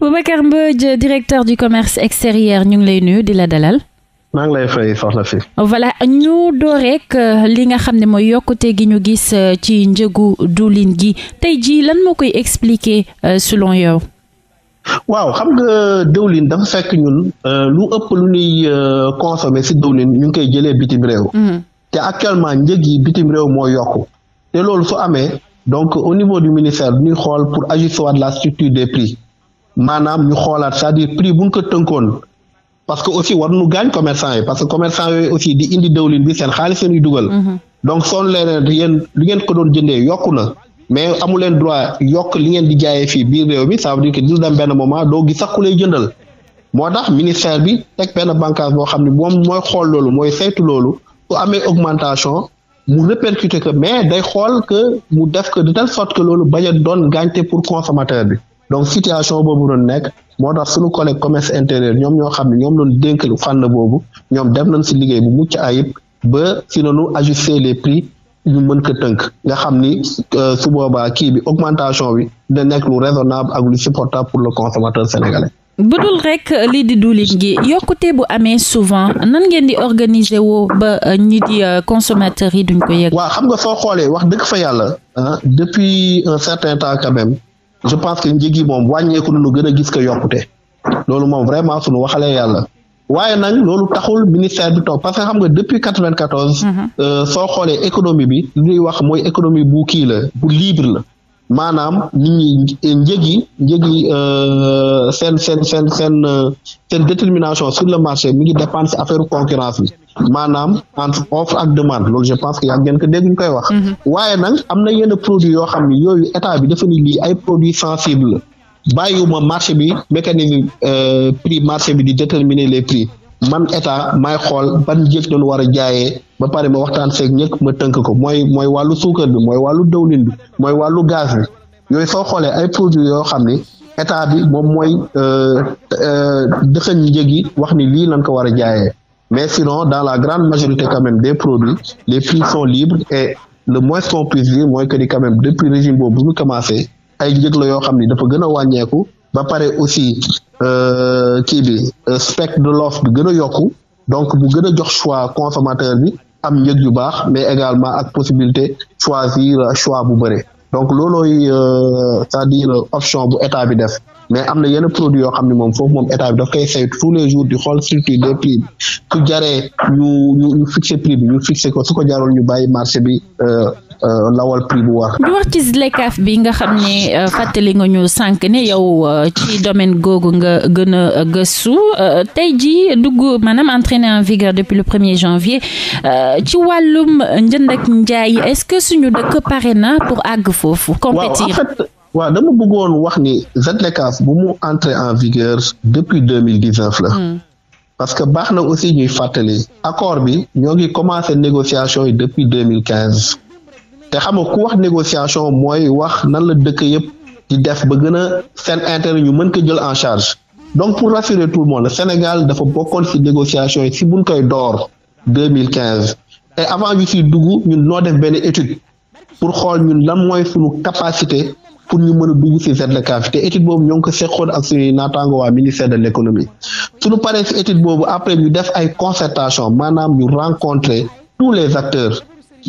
Boubacar Mbodj directeur du commerce extérieur ñu ngi lay nuyu di la dalal. maa ngi lay fay soxna fi. voilà ñu door rek euh, li nga xam ne mooy yokkute gi ñu gis euh, ci njëgu duulin gi tey jii lan moo koy expliquer euh, selon yow. waaw xam nga dëwlin dafa fekk ñun lu ëpp lu ñuy consommer ci dëwlin ñu ngi koy jëlee bitim réew. Mm-hmm. te actuellement njëg yi bitim réew moo yokku te loolu su amee donc au niveau du ministère ñuy xool pour ajuster waat la structure des prix maanaam ñu xoolaat cest à bu prix buñ ko tënkoon parce que aussi war nu gaañ commerçant yi parce que commerçant yooyu aussi di indi dëwlin bi seen xaalis seen yu dugal mm-hmm. donc soon leen yéen li ngeen ko doon jëndee yokku na mais amu leen droit yokk li ngeen di jaayee fii biir réew mi ça veut dire que dina dem benn moment doo gis sax jëndal moo tax ministère bi teg benn bànqaas boo xam ne moom mooy xool loolu mooy seetu loolu su amee augmentation mu répercuter que mais day xool que mu def que de telle sorte loolu bañ a doon gaañte pour consommateur bi donc situation boobu doon nekk moo tax suñu collègue commerce intérieur ñoom ñoo xam ne ñoom lañ dénk fànn boobu ñoom def nañ si liggéey bu mucc ayib ba si noonu ajuster les prix ñu mën ko tënk nga xam ni euh, su boobaa kii bi augmentation bi da nekk lu raisonnable ak lu supportable pour le consommateur sénégalais. budul rek euh, lii di diwlin gi yokkute bu amee souvent nan ngeen di organiser woo ba ñi euh, di consommateurs yi duñ ko yëg. waaw xam nga soo xoolee wax dëgg fa yàlla depuis un certain temps quand même je pense que njëg yi moom wàññeeku na lu gën a gis ko yokkute loolu moom vraiment suñu waxalee yàlla waaye nag loolu taxul ministère bi toog parce que xam nga depuis quatre vingt quatorze mhm. euh, soo xoolee économie bi li ñuy wax mooy économie bu kii la bu libre la maanaam nit ñi njëgi njëgi euh, seen seen seen seen euh, seen détermination sur le marché mi ngi dépendre si affaire concurrence bi maanaam entre offre ak demande loolu je pense que yàgg ngeen ko dégg ñu koy wax. Mm-hmm. waaye nag am na yenn produits yoo xam ne yooyu état bi dafa ni lii ay produits sensibles bàyyiwuma marché bi mécanisme euh, prix marché bi di déterminer les prix. man état may xool ban njëg doon war a jaayee ba pare ma waxtaan seeg ñëpp ma tënk ko mooy mooy wàllu suukar bi mooy wàllu dawlin bi mooy wàllu gaz bi yooyu soo xoolee ay produits yoo xam ni état bi moom mooy euh, euh, dëxëñ njëg yi wax ni lii lañ ko war a jaayee mais sinon dans la grande majorité quand même des produits les prix sont libres et le moins qu'on puisse dire mooy que ni quand même depuis régime boobu bu ñu commencé ay njëg la yoo xam ni dafa gën a wàññeeku ba pare aussi euh, kii bi euh, spectre de l'offre bi gën a yokku donc bu gën a jox choix consommateur bi am njëg ñu baax mais également ak possibilité choisir choix bu bëri donc loolooy euh, c'est-à-dire option bu état bi def mais am na yenn produit yoo xam ne moom foofu moom état bi daf koy saytu tous les jours di xool structure des prix bi jaree ñu ñu ñu fixer bi ñu fixer ko su ko jaroon ñu bàyyi marché bi Euh, lawal prix bu war. ñu wax ci ZLECAf bi nga xam ne euh, fàttali nga ñu sànq ne yow euh, ci domaine googu nga gën a gëstu tey ji dugg maanaam entraîné en vigueur depuis le premier janvier ci wàllum njënd ak njaay est-ce que suñu dëkk pare na pour àgg foofu. compétir waaw dama bëggoon wax ni ZLECAf bu mu entré en vigueur depuis deux mille dix-neuf la. Hmm. parce que baax na aussi ñuy fàttali accord bi ñoo ngi commencé négociation yi depuis deux mille quinze. te xam nga ku wax négociation mooy wax nan la dëkk yëpp di def ba gën a seen intérêt ñu mën ko jël en charge donc pour rassurer tout le monde Sénégal dafa bokkoon ci négociation yi ci buñ koy door deux mille quinze te avant ñu ciy dugg ñun noo def benn étude pour xool ñun lan mooy suñu capacité pour ñu mën a dugg ci ZLECAf te étude boobu ñoo ngi ko seqoon ak suñuy naataango waa ministère de l' économie suñu paree ci étude boobu après ñu def ay concertation maanaam ñu rencontrer tous les acteurs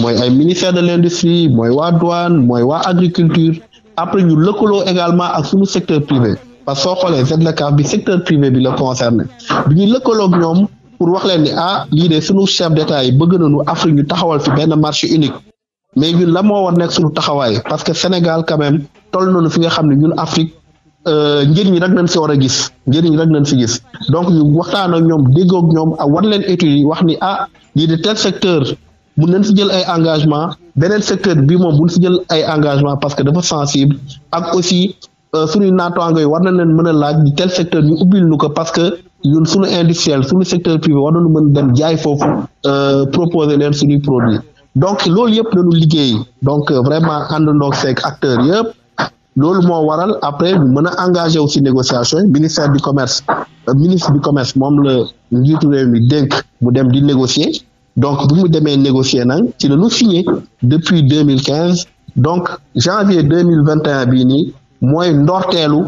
mooy ay ministère de l'industrie mooy waa douane mooy waa agriculture après ñu lëkkaloo également ak suñu secteur privé parce que soo xoolee ZLECAf bi secteur privé bi la concerné bi ñu lëkkaloog ñoom pour wax leen ni ah lii de suñu chef d'état yi bëgg na nañu Afrique ñu taxawal fi benn marché unique mais ñun la moo war nekk suñu taxawaay parce que Sénégal quand même toll nañu fi nga xam ne ñun Afrique euh, njëriñ rek nañ si war a gis njëriñ rek nañ si gis donc ñu waxtaan ñoom déggoog ñoom ak war leen études wax ni ah lii de tel secteur mun nañ si jël ay engagement beneen secteur bi moom buñ si jël ay engagement parce que dafa sensible ak aussi euh, suñuy naataango yi war na leen mën a laaj tel secteur ñu ubbil nu ko parce que ñun suñu industriel suñu secteur privé war nu mën dem jaay foofu euh, proposer leen suñuy produit donc loolu yëpp nañu liggéey donc euh, vraiment àndandoo seeg acteurs yëpp loolu moo waral après ñu mën a engagé wu si négociation yi ministère du commerce ministre du commerce moom la njiitu réew mi dénk mu dem di négocier donc bi mu demee négocier nag ci la ñu signé depuis deux mille quinze donc janvier deux mille vingt et bii nii mooy ndorteelu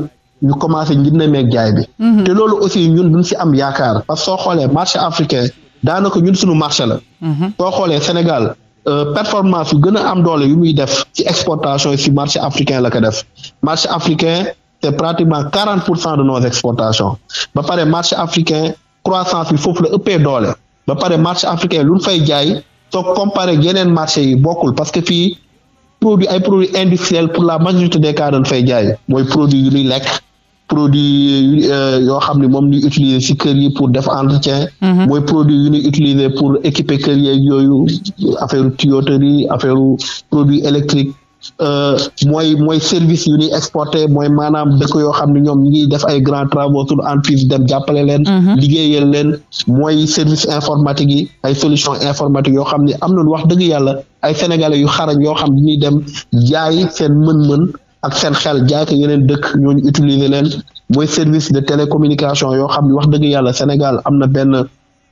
ñu commencé na meeg jaay bi. Mhm. te loolu aussi ñun duñ si am yaakaar parce que soo xoolee marché africain daanaka ñun suñu marché la. Mhm. soo xoolee Sénégal euh, performance yu gën a am doole yu muy def ci exportation yi si marché africain la ko def marché africain c'est pratiquement quarante pour cent de nos exportations ba pare marché africain croissance fi foofu la ëppee doole. ba pare marché africain lu fay jaay toog comparé yeneen marché yi bokkul parce que fii produit ay produit industriel pour la majorité des cas dañ fay jaay mooy produit yu ñuy lekk produit euh, yoo xam ni moom ñuy utiliser ci kër yi pour def entretien mhm. mooy produit yu ñuy utiliser pour équiper kër yeeg yooyu affaire tuyauterie affaire produit électrique Euh, mooy mooy service yu ni exporté mooy maanaam dëkk yoo xam ne ñoom ñu def ay grands travaux suñu entreprise dem jàppale leen mhm. liggéeyal leen mooy service informatique yi ay solution informatique yoo xam ne am na nañu wax dëgg yàlla ay sénégalais yu xarañ yoo xam ne ñuy dem jaay seen mën-mën ak seen xel jaay ko yeneen dëkk ñooñ utiliser leen mooy service de télécommunication yoo xam ne wax dëgg yàlla Sénégal am na benn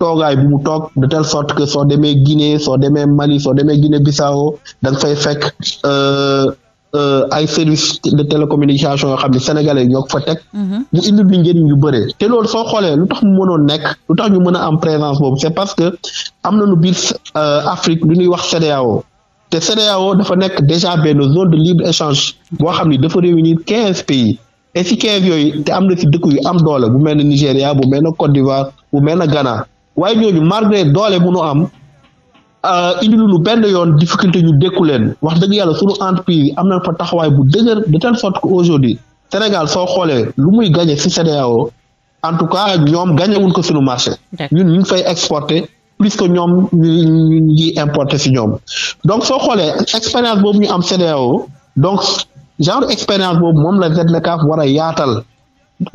toogaay bu mu toog de telle sorte que soo demee Guinée soo demee Mali soo demee Guinée Bissau da nga fay fekk euh, euh, ay service de télécommunication yoo xam ne sénégalais yi ñoo fa teg. mu mhm. indi bi njëriñ yu te lool soo xoolee lu tax mu mënoon nekk lu tax ñu mën a am présence boobu c'est parce que am na lu biir euh, Afrique lu ñuy wax CEDEAO te CEDEAO dafa nekk déjà benn zone de libre échange boo xam ni dafa réunir quinze pays. et si yooyu te am na si dëkk yu am doole bu mel ne Nigéria bu mel ne Côte d'Ivoire bu mel ne waaye ñooñu malgré doole bu nu am euh, indi lu benn yoon difficulté ñu dékku leen wax dëgg yàlla sunu entreprise am nañ fa taxawaay bu dëgër de telle sot que aujourd'hui Sénégal soo xoolee lu muy gagné ci CEDEAO en tout cas ñoom gagné ko sunu marché. ñun ñu ngi fay exporter plus ñoom ñu ngi ñoom donc soo xoolee expérience boobu ñu am CEDEAO donc genre expérience boobu moom la ZLECAf war a yaatal.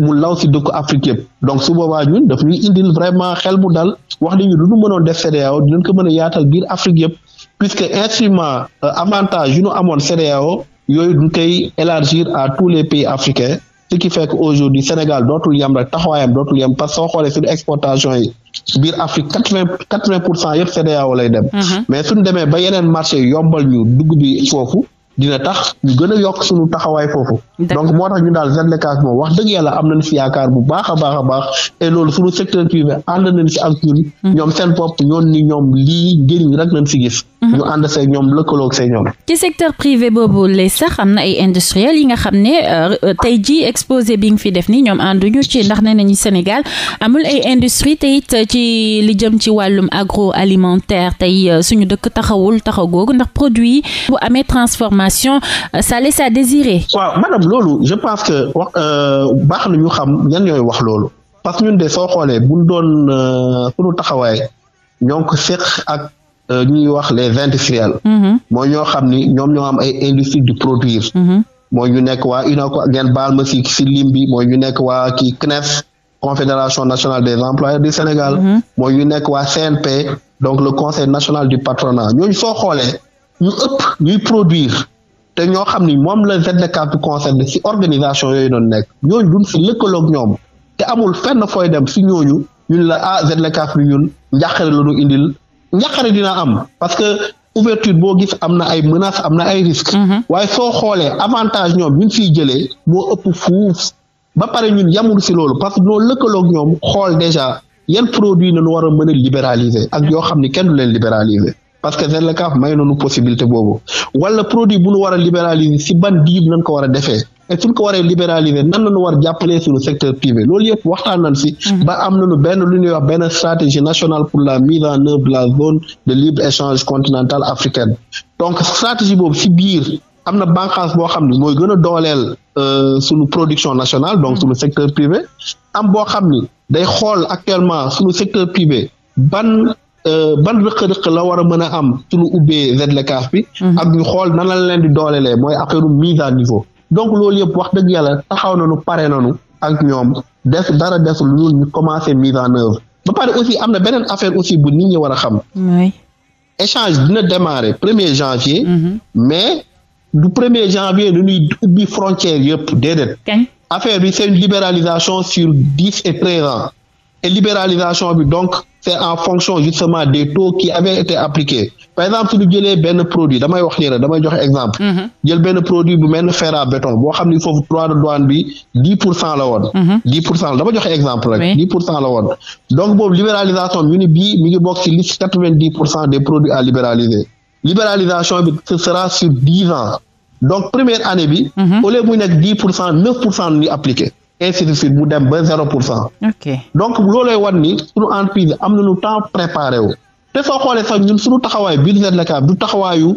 mu law si dëkk Afrique yëpp donc su boobaa ñun daf ñuy indil vraiment xel mu dal wax nañu lu mënoon def CEDEAO dinañ ko mën a yaatal biir Afrique yëpp puisque instrument euh, avantage yu ñu amoon CEDEAO yooyu duñ koy élargir à tous les pays africains ce qui fait que aujourd'hui Sénégal dootul yam rek taxawaayam dootul yam parce que soo xoolee suñu exportation yi biir Afrique quatre vingt quatre pour cent yëpp CEDEAO lay dem mm-hmm. mais suñ demee ba yeneen dina tax ñu gën a yokk suñu taxawaay foofu donc moo tax ñu daal ZLECAf moom wax dëgg yàlla am nañ fi yaakaar bu baax a baax a baax et loolu suñu secteur privé ànd nañ si ak ñun hmm. ñoom seen bopp ñoon ni ñoom lii njëriñ rek lañ si gis Mhm. ñu ànd see ñoom lëkkaloog see ñoom. ci secteur privé boobu lay sax am na ay industriels yi nga xam ne euh, euh, tey jii exposé bi nga fi def nii ñoom ànduñu ci ndax nee nañu Sénégal amul ay industrie te it ci li jëm ci wàllum agro alimentaire tey euh, suñu dëkk taxawul taxaw googu ndax produit bu amee transformation ça laisse à désirer. waaw madame loolu je pense que wax baax na ñu xam ñan ñooy wax loolu. parce que ñun de soo xoolee buñ doon suñu taxawaay ñoo ngi Euh, ñuy wax les industriels. Mm-hmm. mooy ñoo xam ni ñoom ñoo am ay industrie du produire. Mm-hmm. mooy ñu nekk waa UNACOIS ngeen baal ma si si lim bi mooy ñu nekk waa kii CNES confédération nationale des employeurs du Sénégal. Mm-hmm. mooy ñu nekk waa CNP donc le conseil national du patronat ñooñu soo xoolee ñu ëpp ñuy produire. te ñoo xam ni moom la ZDK bi concerné ci organisation yooyu doon nekk ñooñu duñ ci lëkkaloog ñoom te amul fenn fooy dem ci ñooñu ñun la ah ZDK bi ñun njàqare la ñu njàqare dina am parce que ouverture boo gis am na ay menaces am na ay risques. Mhm. waaye soo xoole avantage ñoom ñu fiy jëlee moo ëpp fuuf ba pare ñun yamul si loolu parce que noo lëkkaloog ñoom xool déjà yan produit nañu war a mën a libéraliser ak yoo xam ni kenn du leen libéraliser parce que ZLECAf may nañu possibilité boobu wala produit bu nu war a libéraliser si ban diib nañ ko war a defee ak suñ ko waree libéraliser nan la ñu war jàppalee suñu secteur privé loolu yëpp waxtaan nañ si. Mhm. ba am nañu benn lu ñuy wax benn stratégie nationale pour la mise en œuvre de la zone de libre échange continentale africaine donc stratégie boobu si biir. am na bànqaas boo xam ne mooy gën a dooleel euh, suñu production nationale donc le mhm. secteur privé am boo xam ni day xool actuellement suñu secteur privé ban euh, ban rëq-rëq la war a mën a am suñu ubbee ZLECAf bi mhm. ak ñu donc loolu yëpp wax dëgg yàlla taxaw nu pare nañu ak ñoom def dara desul loolu ñu commencé mise en œuvre ba pare aussi am na beneen affaire aussi bu nit ñi war a xam. échange dina démarrer premier janvier. Mhm. mais du premier janvier nu ñuy ubbi frontière yëpp déedéet. affaire bi c'est une libéralisation sur dix et treize et libéralisation bi donc c'est en fonction justement des taux qui avaient été appliqués par exemple suñu jëlee benn produit damay wax nii damay joxe exemple mhm. jël benn produit bu mel ne béton boo xam ni foofu droit de bi dix pour cent la woon mhm. dama joxe exemple rek dix pour cent la woon donc boobu libéralisation bi ñu ne bii mi ngi bokk ci liste des produits à libéraliser libéralisation bi ce sera sur dix ans donc première année bi mhm. au muy nekk dix pour cent neuf pour appliqué ainsi de dem ba zéro pour cent donc loolooy wan ni te soo xoolee sax ñun suñu taxawaay biir ZLECAf du taxawaayu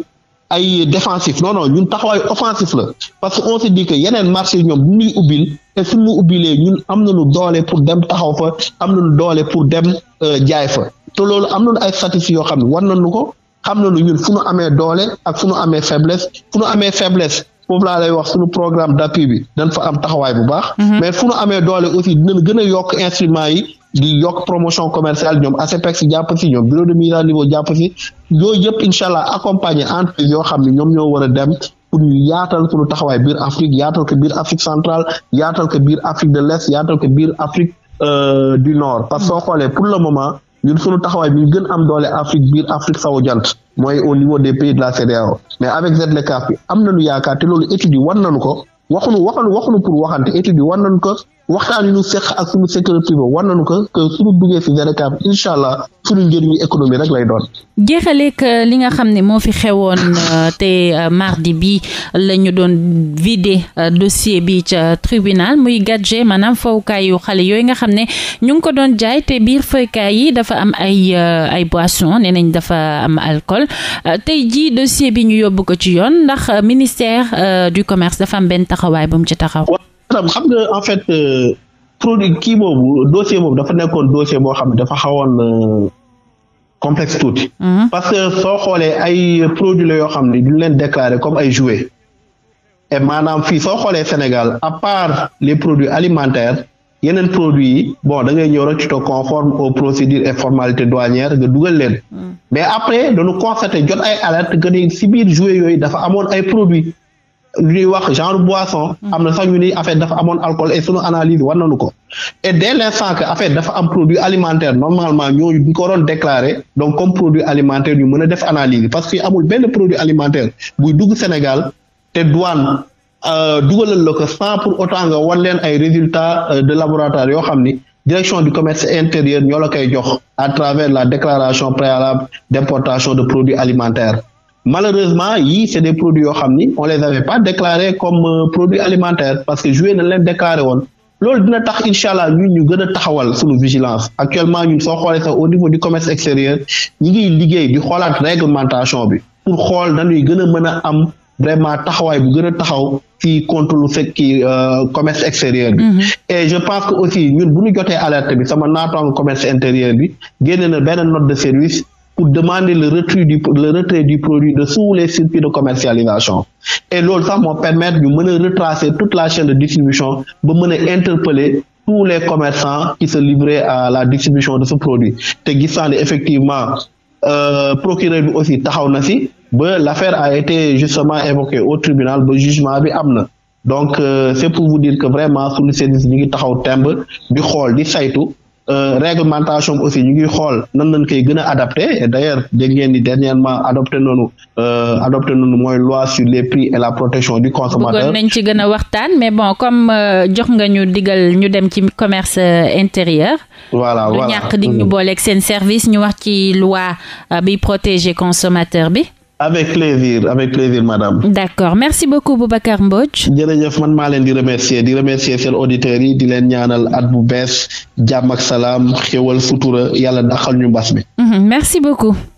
ay défensif non non ñun taxawaayu offensif la parce que on se dit que yeneen marché ñoom du ñuy ubbil te suñu ubbilee ñun am na nañu doole pour dem taxaw fa am nañu doole pour dem euh, jaay fa te loolu am nañu ay statistiques yoo xam ne war nañu ko xam nañu ñun fu ñu amee doole ak fu ñu amee faiblesse fu ñu amee faiblesse foofu laa lay wax suñu programme d'appui bi dañ fa am taxawaay bu baax mm-hmm. mais gën a yokk instruments yi di yokk promotion commerciale ñoom ASEPEX jàpp si ñoom bureau de mise à niveau jàpp si yooyu yëpp incha allah accompagner entreprise yoo xam ne ñoom ñoo war a dem pour ñu yaatal suñu taxawaay biir Afrique yaatal ko biir Afrique centrale yaatal ko biir Afrique de l'Est yaatal ko biir Afrique euh, du Nord parce que soo xoolee pour le moment ñun suñu taxawaay bi gën am doole Afrique biir Afrique sawu jant mooy au niveau des pays de la CEDEAO mais avec ZLECAf bi am nañu yaakaar te loolu études yi war nañu ko waxuñu waxuñu waxuñu pour waxante études yi war nañu ko waxtaan yi ñu seq ak suñu secteur privé war nañu ko que suñu duggee si ZRECAf incha allah suñu njëriñu économie rek lay doon. jeexaleeg euh, li nga xam ne moo fi xewoon euh, te euh, mardi bi la ñu doon vider dossier bi ca tribunal muy gadget maanaam fowukaayu xale yooyu nga xam ne ñu ngi ko doon jaay te biir fowukaay yi dafa am ay ay boisson nee nañ dafa am alcool tey jii dossier bi ñu yóbbu ko ci yoon ndax ministère du commerce dafa am benn taxawaay bu mu ci taxaw. maanaam xam nga en fait euh, produit kii boobu dossier boobu dafa nekkoon dossier boo xam ne dafa xawoon euh, complexe tuuti. Mhm. parce que soo xoolee ay produits la yoo xam ne duñ leen déclarer comme ay jouets et maanaam fii soo xoolee Sénégal à part le produit alimentaires yeneen produits yi bon da ngay ñëw rek ci te conforme aux procédures et formalités douanières nga dugal leen. Mhm. mais après dañu constater jot ay alerte que ni si biir jouets yooyu dafa amoon ay produits. lu wax genre boisson mhm. am na sax ñu ni affaire dafa amoon alcool et sunu analyse war nañu ko et dès l'instant que dafa am produit alimentaire normalement ñooñu duñ ko waroon déclarer donc comme produit alimentaire ñu mën a def analyse parce que amul benn produit alimentaire buy dugg Sénégal te douane euh, dugalal la ko sans pour autant nga war leen ay résultat euh, de laboratoire yoo xam ni direction du commerce intérieur ñoo la koy jox à travers la déclaration préalable d'importation de produits alimentaires malheureusement yi c'est des produits yoo xam ni on les avait pas déclarés comme euh, produits alimentaires parce que joué na leen déclaré woon loolu dina tax incha allah ñun ñu gën a taxawal suñu vigilance actuellement ñun soo xoolee sax au niveau du commerce extérieur ñi ngi liggéey di xoolaat réglementation bi pour xool dañuy gën a mën a am vraiment taxawaay bu gën a taxaw ci contre lu fekki euh, commerce extérieur bi e je pense que aussi ñun bu ñu jotee alerte bi sama naataango commerce intérieur bi génne na benn note de service pour demander le retrait du le retrait du produit de sous les circuits de commercialisation et loolu sax moo permettre ñu mën a retracer toute la chaîne de distribution ba mën a interpeller tous les commerçants qui se livraient à la distribution de ce produit te gis naa ne effectivement euh, procureur bi aussi taxaw na si ba l'affaire a été justement évoquée au tribunal ba jugement bi am na donc euh, c'est pour vous dire que vraiment suñu service ñu ngi taxaw temb di xool di saytu Euh, réglementation bi aussi ñu ngi xool nan lañ koy gën a adapté et d' ailleurs dégg ngeen ni dernièrement adopté noonu euh, adopté noonu mooy loi sur les prix et la protection du consommateur. bëggoon nañ ci gën a waxtaan mais bon comme euh, jox nga ñu digal ñu dem ci commerce intérieur. voilà voilà du di ñu mm-hmm. booleeg seen service ñu wax ci loi bi protéger consommateur bi. avec plaisir avec plaisir madame. d'accord merci beaucoup Boubacar Mbodj. jërëjëf man maa leen di remercier di remercier seen auditeurs yi di leen ñaanal at bu bees jàmm ak salaam xéwal futura yàlla daxal ñu mbas bi. Mhm. merci beaucoup.